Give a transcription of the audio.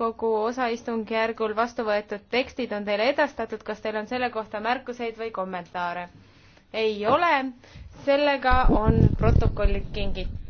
täiskogu osaistungjärgul vastu võetud tekstid on teile edastatud, kas teil on selle kohta märkuseid või kommentaare? ei ole, sellega on protokollid kingitud.